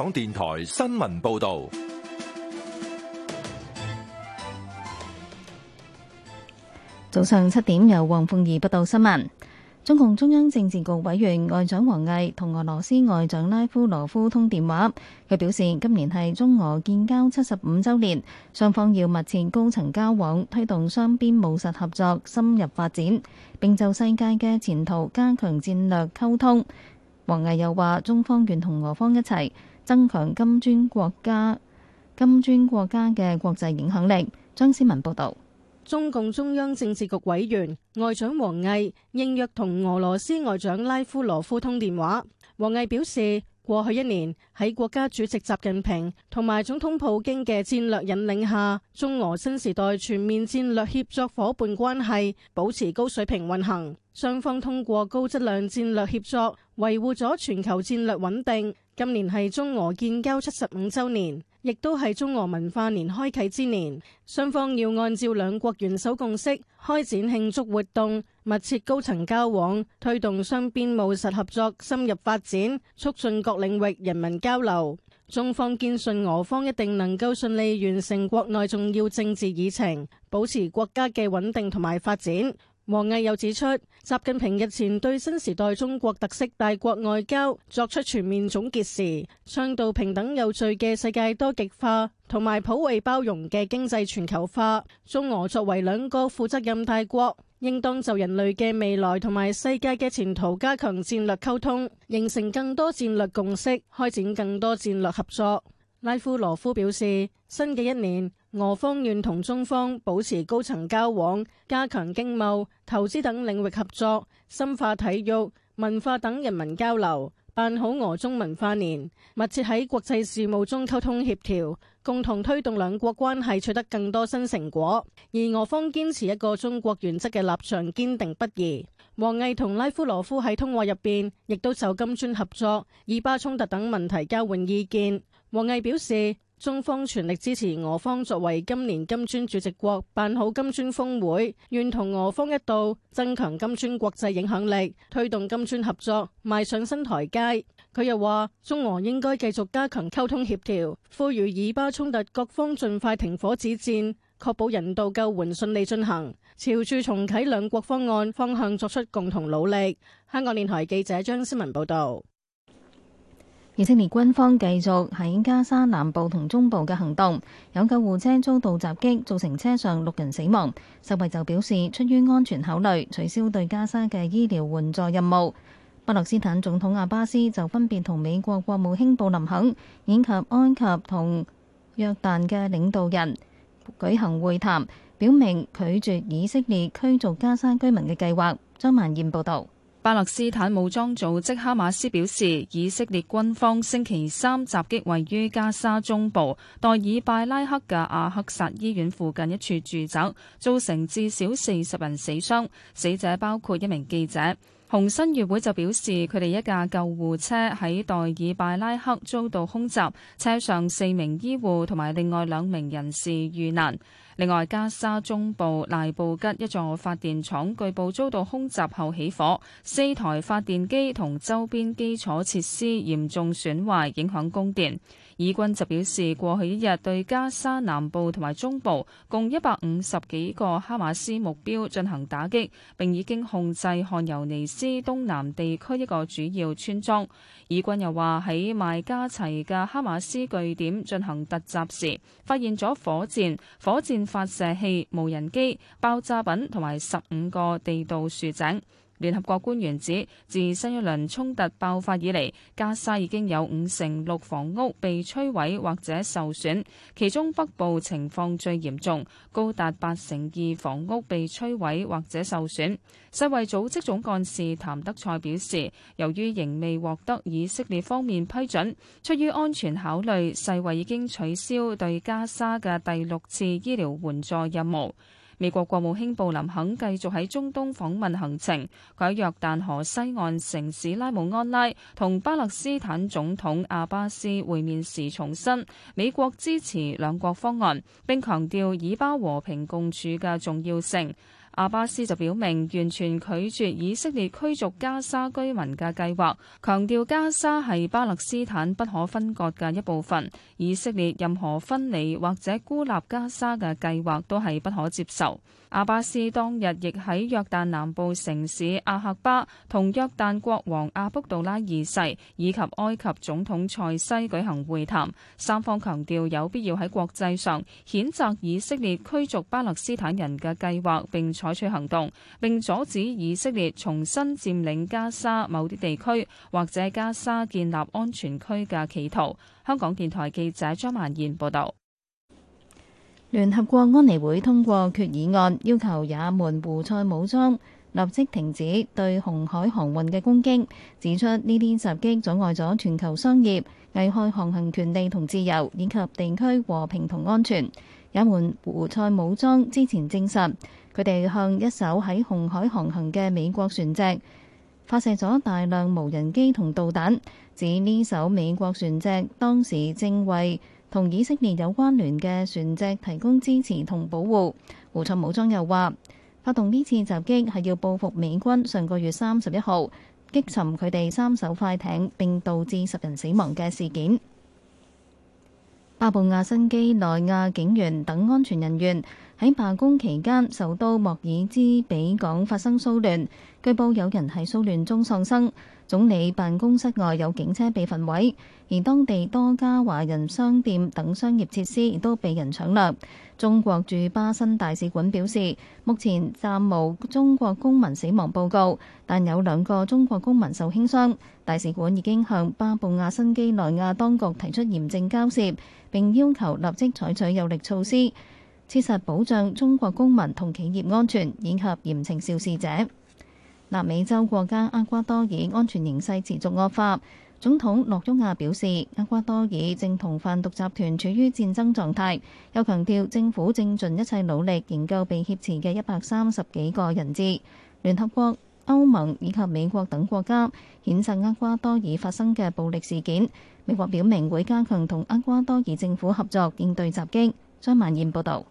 港電台新聞報道，早上七點由黃鳳儀報道新聞。中共中央政治局委員外長王毅同俄羅斯外長拉夫羅夫通電話。佢表示，今年係中俄建交七十五週年，雙方要密切高層交往，推動雙邊務實合作深入發展，並就世界嘅前途加強戰略溝通。王毅又話，中方願同俄方一齊。增強金磚國家、金磚國家嘅國際影響力。張思文報道，中共中央政治局委員外長王毅應約同俄羅斯外長拉夫羅夫通電話。王毅表示。過去一年喺國家主席習近平同埋總統普京嘅戰略引領下，中俄新時代全面戰略協作伙伴關係保持高水平運行，雙方通過高質量戰略協作維護咗全球戰略穩定。今年係中俄建交七十五周年，亦都係中俄文化年開啟之年，雙方要按照兩國元首共識開展慶祝活動。密切高層交往，推動雙邊務實合作深入發展，促進各領域人民交流。中方堅信俄方一定能夠順利完成國內重要政治議程，保持國家嘅穩定同埋發展。王毅又指出，習近平日前對新時代中國特色大國外交作出全面總結時，倡導平等有序嘅世界多極化同埋普惠包容嘅經濟全球化，中俄作為兩個負責任大國，應當就人類嘅未來同埋世界嘅前途加強戰略溝通，形成更多戰略共識，開展更多戰略合作。拉夫羅夫表示，新嘅一年，俄方願同中方保持高層交往，加強經貿、投資等領域合作，深化體育、文化等人民交流，辦好俄中文化年，密切喺國際事務中溝通協調，共同推動兩國關係取得更多新成果。而俄方堅持一個中國原則嘅立場堅定不移。王毅同拉夫羅夫喺通話入邊，亦都就金磚合作、以巴衝突等問題交換意見。王毅表示，中方全力支持俄方作為今年金磚主席國辦好金磚峰會，願同俄方一道增強金磚國際影響力，推動金磚合作邁上新台階。佢又話，中俄應該繼續加強溝通協調，呼籲以巴衝突各方盡快停火止戰，確保人道救援順利進行，朝住重啟兩國方案方向作出共同努力。香港電台記者張思文報道。以色列軍方繼續喺加沙南部同中部嘅行動，有救護車遭到襲擊，造成車上六人死亡。世衛就表示，出於安全考慮，取消對加沙嘅醫療援助任務。巴勒斯坦總統阿巴斯就分別同美國國務卿布林肯以及埃及同約旦嘅領導人舉行會談，表明拒絕以色列驅逐加沙居民嘅計劃。張萬燕報導。巴勒斯坦武裝組織哈馬斯表示，以色列軍方星期三襲擊位於加沙中部代爾拜拉克嘅阿克薩醫院附近一處住宅，造成至少四十人死傷，死者包括一名記者。紅新月會就表示，佢哋一架救護車喺代爾拜拉克遭到空襲，車上四名醫護同埋另外兩名人士遇難。另外，加沙中部賴布吉一座發電廠據報遭到空襲後起火，四台發電機同周邊基礎設施嚴重損壞，影響供電。以軍就表示，過去一日對加沙南部同埋中部共一百五十幾個哈馬斯目標進行打擊，並已經控制汗尤尼斯東南地區一個主要村莊。以軍又話喺邁加齊嘅哈馬斯據點進行突襲時，發現咗火箭、火箭發射器、無人機、爆炸品同埋十五個地道豎井。聯合國官員指，自新一輪衝突爆發以來，加沙已經有五成六房屋被摧毀或者受損，其中北部情況最嚴重，高達八成二房屋被摧毀或者受損。世衛組織總幹事譚德塞表示，由於仍未獲得以色列方面批准，出於安全考慮，世衛已經取消對加沙嘅第六次醫療援助任務。美國國務卿布林肯繼續喺中東訪問行程，佢喺約旦河西岸城市拉姆安拉同巴勒斯坦總統阿巴斯會面時重申美國支持兩國方案，並強調以巴和平共處嘅重要性。阿巴斯就表明，完全拒絕以色列驅逐加沙居民嘅計劃，強調加沙係巴勒斯坦不可分割嘅一部分，以色列任何分離或者孤立加沙嘅計劃都係不可接受。阿巴斯當日亦喺約旦南部城市阿克巴同約旦國王阿卜杜拉二世以及埃及總統塞西舉行會談，三方強調有必要喺國際上譴責以色列驅逐巴勒斯坦人嘅計劃，並採取行動，並阻止以色列重新佔領加沙某啲地區或者加沙建立安全區嘅企圖。香港電台記者張曼燕報道。聯合國安理會通過決議案，要求也門胡塞武裝立即停止對紅海航運嘅攻擊，指出呢啲襲擊阻礙咗全球商業、危害航行權利同自由以及地區和平同安全。也門胡塞武裝之前證實，佢哋向一艘喺紅海航行嘅美國船隻發射咗大量無人機同導彈，指呢艘美國船隻當時正為同以色列有關聯嘅船隻提供支持同保護。胡塞武裝又話，發動呢次襲擊係要報復美軍上個月三十一號擊沉佢哋三艘快艇，並導致十人死亡嘅事件。巴布亞新畿內亞警員等安全人員喺罷工期間，首都莫爾茲比港發生騷亂，據報有人喺騷亂中喪生。N 總理辦公室外有警車被焚毀，而當地多家華人商店等商業設施亦都被人搶掠。中國駐巴新大使館表示目前暫無中國公民死亡報告，但有兩個中國公民受輕傷。大使館已經向巴布亞新基內亞當局提出嚴正交涉，並要求立即採取有力措施，切實保障中國公民同企業安全，以及嚴懲肇事者。南美洲國家厄瓜多爾安全形勢持續惡化，總統諾沃亞表示，厄瓜多爾正同販毒集團處於戰爭狀態，又強調政府正盡一切努力營救被挾持嘅一百三十幾個人質。聯合國、歐盟以及美國等國家譴責厄瓜多爾發生嘅暴力事件。美國表明會加強同厄瓜多爾政府合作應對襲擊。張萬燕報道。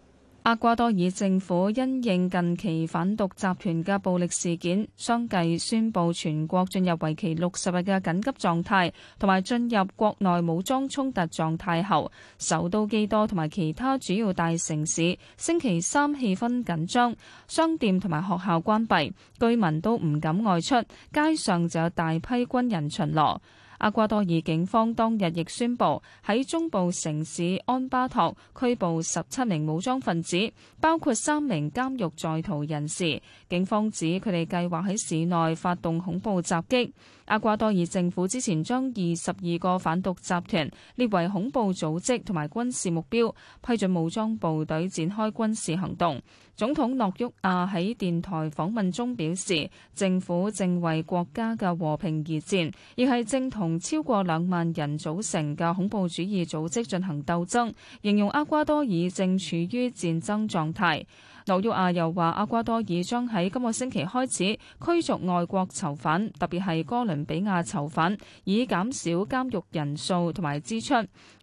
阿瓜多爾政府因應近期反毒集團嘅暴力事件，相繼宣布全國進入為期六十日嘅緊急狀態，同埋進入國內武裝衝突狀態後，首都基多同埋其他主要大城市星期三氣氛緊張，商店同埋學校關閉，居民都唔敢外出，街上就有大批軍人巡邏。阿瓜多爾警方當日亦宣布，喺中部城市安巴托拘捕十七名武裝分子，包括三名監獄在逃人士。警方指佢哋計劃喺市內發動恐怖襲擊。阿瓜多爾政府之前將二十二個反毒集團列為恐怖組織同埋軍事目標，批准武裝部隊展開軍事行動。總統諾沃亞喺電台訪問中表示，政府正為國家嘅和平而戰，亦係正同超過兩萬人組成嘅恐怖主義組織進行鬥爭，形容阿瓜多爾正處於戰爭狀態。諾沃亞又話：阿瓜多爾將喺今個星期開始驅逐外國囚犯，特別係哥倫比亞囚犯，以減少監獄人數同埋支出。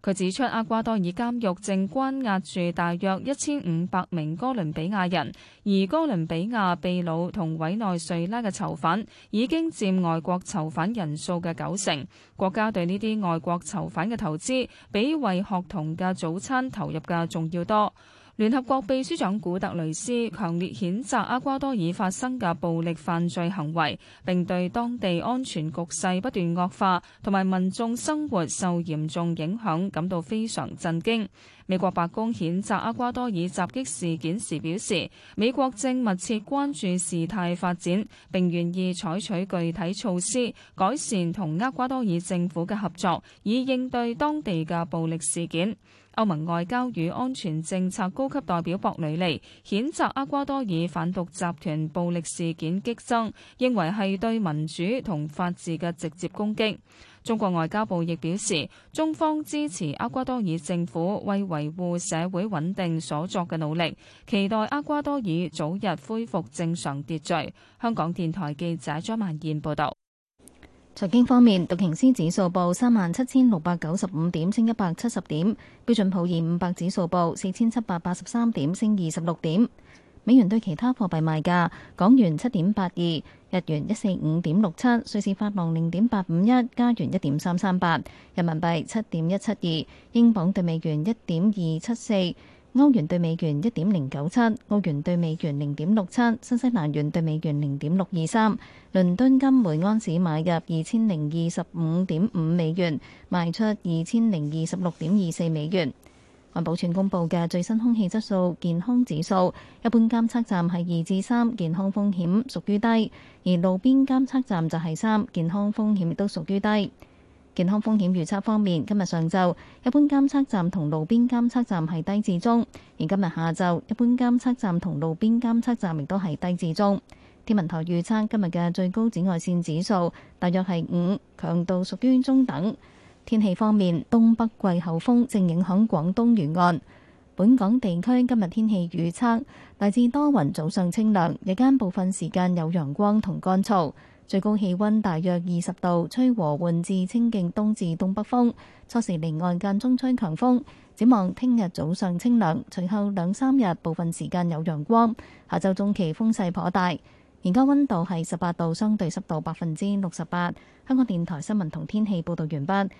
佢指出，阿瓜多爾監獄正關押住大約一千五百名哥倫比亞人，而哥倫比亞、秘魯同委內瑞拉嘅囚犯已經佔外國囚犯人數嘅九成。國家對呢啲外國囚犯嘅投資，比為學童嘅早餐投入嘅仲要多。聯合國秘書長古特雷斯強烈譴責阿瓜多爾發生嘅暴力犯罪行為，並對當地安全局勢不斷惡化，同埋民眾生活受嚴重影響感到非常震驚。美國白宮譴責厄瓜多爾襲擊事件時表示，美國正密切關注事態發展，並願意採取具體措施改善同厄瓜多爾政府嘅合作，以應對當地嘅暴力事件。歐盟外交與安全政策高級代表博雷利譴責厄瓜多爾反毒集團暴力事件激增，認為係對民主同法治嘅直接攻擊。中國外交部亦表示，中方支持厄瓜多爾政府為維護社會穩定所作嘅努力，期待厄瓜多爾早日恢復正常秩序。香港電台記者張曼燕報道。財經方面，道瓊斯指數報三萬七千六百九十五點，升一百七十點；標準普爾五百指數報四千七百八十三點，升二十六點。美元對其他貨幣賣價，港元七點八二。日元一四五點六七，瑞士法郎零點八五一，加元一點三三八，人民幣七點一七二，英鎊對美元一點二七四，歐元對美元一點零九七，澳元對美元零點六七，新西蘭元對美元零點六二三。倫敦金每盎司買入二千零二十五點五美元，賣出二千零二十六點二四美元。環保署公布嘅最新空氣質素健康指數一般監測站係二至三，健康風險屬於低；而路邊監測站就係三，健康風險亦都屬於低。健康風險預測方面，今日上晝一般監測站同路邊監測站係低至中；而今日下晝一般監測站同路邊監測站亦都係低至中。天文台預測今日嘅最高紫外線指數大約係五，強度屬於中等。天氣方面，東北季候風正影響廣東沿岸。本港地區今日天氣預測大致多雲，早上清涼，日間部分時間有陽光同乾燥，最高氣溫大約二十度，吹和緩至清勁東至東北風，初時離岸間中吹強風。展望聽日早上清涼，隨後兩三日部分時間有陽光，下晝中期風勢頗大。而家溫度係十八度，相對濕度百分之六十八。香港電台新聞同天氣報道完畢。